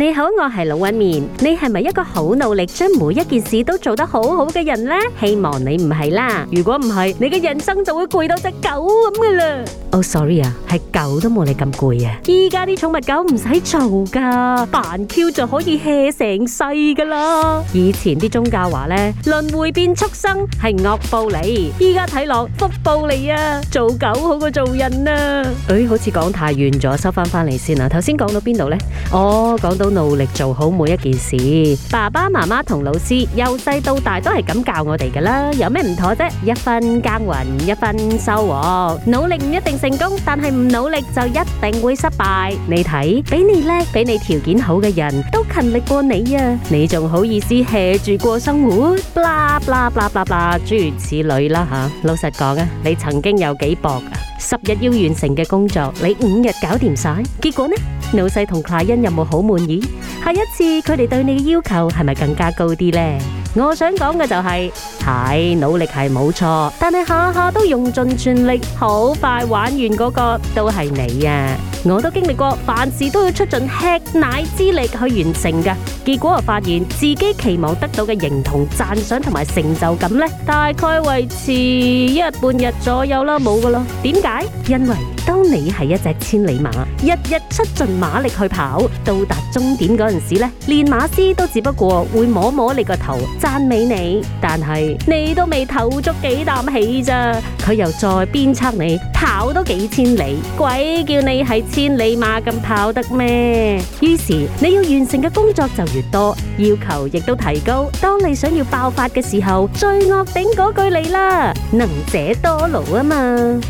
你好，我係龍紋敏。你係咪一個好努力，將每一件事都做得好好嘅人呢？希望你唔係啦。如果唔係，你嘅人生就會攰到隻狗咁噶啦。Oh, sorry 啊，係狗都冇你咁攰啊。依家啲寵物狗唔使做噶，扮 Q 就可以 hea 成世噶啦。以前啲宗教話咧，輪回變畜生係惡報嚟。依家睇落福報嚟啊，做狗好過做人啊。誒、呃，好似講太遠咗，收翻翻嚟先啦。頭先講到邊度呢？哦，講到。努力做好每一件事，爸爸媽媽同老師由細到大都係咁教我哋噶啦，有咩唔妥啫？一分耕耘一分收穫，努力唔一定成功，但係唔努力就一定會失敗。你睇，比你叻、比你條件好嘅人都勤力過你啊！你仲好意思 hea 住過生活？啦啦啦啦啦，諸如此類啦吓。老實講啊，你曾經有幾搏？啊？十日要完成嘅工作，你五日搞掂晒，結果呢？老細同客人有冇好滿意？下一次佢哋對你嘅要求係咪更加高啲咧？我想講嘅就係、是，係、哎、努力係冇錯，但係下下都用盡全力，好快玩完嗰、那個都係你呀、啊。我都經歷過，凡事都要出盡吃奶之力去完成嘅，結果我發現自己期望得到嘅認同、讚賞同埋成就感呢，大概維持一日半日左右啦，冇㗎啦。點解？因為當你係一隻千里馬，日日出盡馬力去跑，到達終點嗰陣時呢，連馬師都只不過會摸摸你個頭。讚美你，但係你都未唞足幾啖氣咋？佢又再鞭策你跑多幾千里，鬼叫你係千里馬咁跑得咩？於是你要完成嘅工作就越多，要求亦都提高。當你想要爆發嘅時候，最惡頂嗰句你啦！能者多勞啊嘛！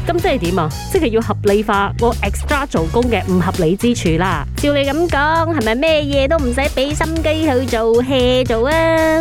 咁即係點啊？即係要合理化我 extra 做工嘅唔合理之處啦。照你咁講，係咪咩嘢都唔使俾心機去做，hea 做啊？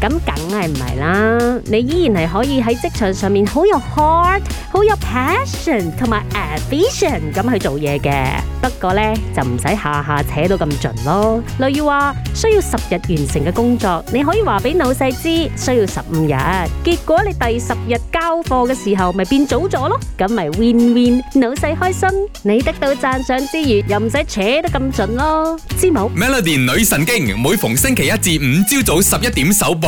咁梗係唔係啦？你依然係可以喺職場上面好有 heart、好有 passion 同埋 ambition 咁去做嘢嘅。不過咧，就唔使下下扯到咁盡咯。例如話需要十日完成嘅工作，你可以話俾老細知需要十五日。結果你第十日交貨嘅時候，咪變早咗咯？咁咪 win win，老細開心，你得到讚賞之餘又唔使扯得咁盡咯，知冇？Melody 女神經，每逢星期一至五朝早十一點首播。